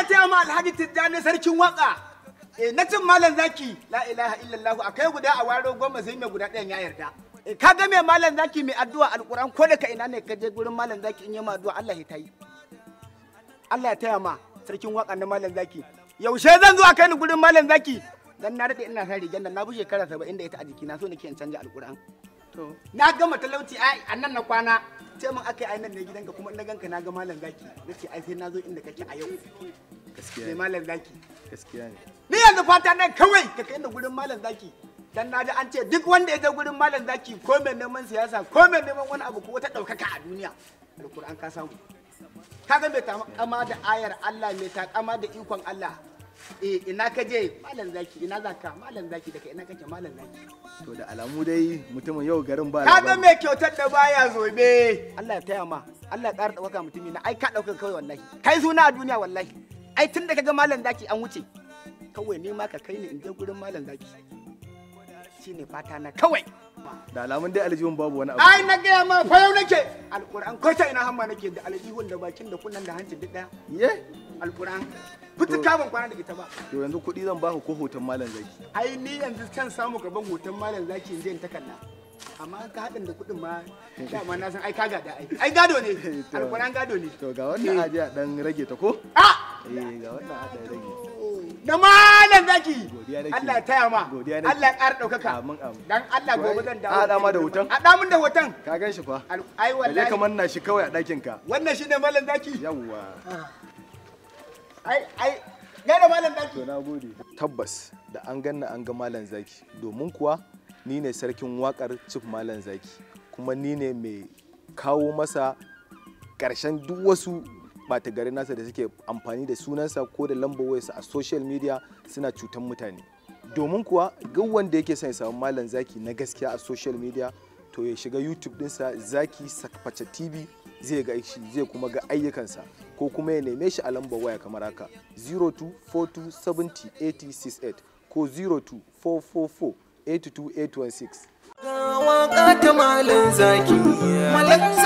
a taya ma alhaji tijjani sarkin waka e eh, na cin malam zaki la ilaha illallah akai guda a waro goma sai mai guda ɗayan ya yarda eh, ka ga mai malam zaki mai addu'a alquran ko da ka ina ne ka je gurin malam zaki in yi ma addu'a Allah ya tayi Allah ya taya ma sarkin waka na malam zaki yaushe zan zo kai ni gurin malam zaki dan na daɗe ina san rigen nan na bushe shekara 70 da ita a na so nake in canja alquran na gama talauci a nan na kwana ce min aka yi ainihin ne gidanka kuma na ganka na ga malam zaki na ce ai sai na zo inda kake a yau gaskiya ne malam zaki gaskiya ne ni yanzu fata na kawai ka kai inda gurin malam zaki dan na ji an ce duk wanda ya je gurin malam zaki ko mai neman siyasa ko mai neman wani abu ko wata ɗaukaka a duniya da Qur'an ka samu kaga mai kama da ayar Allah mai kama da ikon Allah e ina ka je malam zaki ina za ka malam zaki daga ina kake malam zaki to da alamu dai mutumin yau garin ba kaga mai kyautar da baya zobe Allah ya taya ma Allah ya ƙara ɗaukaka mutumi na ai ka ɗauka kawai wallahi kai suna a duniya wallahi ai tun da kaga malam zaki an wuce kawai ne ma ka kai ni in je gurin malam zaki shine fata na kawai da alamun dai aljihun babu wani abu ai na ga ma fa yau nake alquran ko ta ina hamma nake da aljihun da bakin da kunnan da hancin duk daya ye alquran fitu kaban kwana da ita ba to yanzu kuɗi zan ba ku ko hoton malam zaki ai ni yanzu kan samu gaban hoton malam zaki in je in takalla amma ka haɗin da kuɗin ma ma na san ai ka da ai ai gado ne alquran gado ne to ga wannan hajiya eh. dan rage ta ko a ah! eh ga wannan hajiya rage da malam zaki Allah ya taya ma Allah ya ƙara ɗaukaka dan Allah gobe zan dawo a dama da hoton a damun da hoton ka gan shi fa ai wallahi kamar na shi kawai a ɗakin ka wannan shi ne malam zaki yawwa ah. ai ai da malam zaki to nagode tabbas da an ganna an ga malam zaki domin kuwa ni ne sarkin wakar chief malam zaki kuma ni ne mai kawo masa ƙarshen duk wasu bata garin nasa da suke amfani da sunansa ko da lambar wayarsa a social media suna cutan mutane domin kuwa ga wanda yake son ya samu malam zaki na gaskiya a social media to ya shiga youtube dinsa zaki sakface tv zai ga shi zai kuma ga ayyukansa ko kuma ya neme shi a lambar waya kamar haka 0242708068 ko 02444 82816 ta malam zaki malam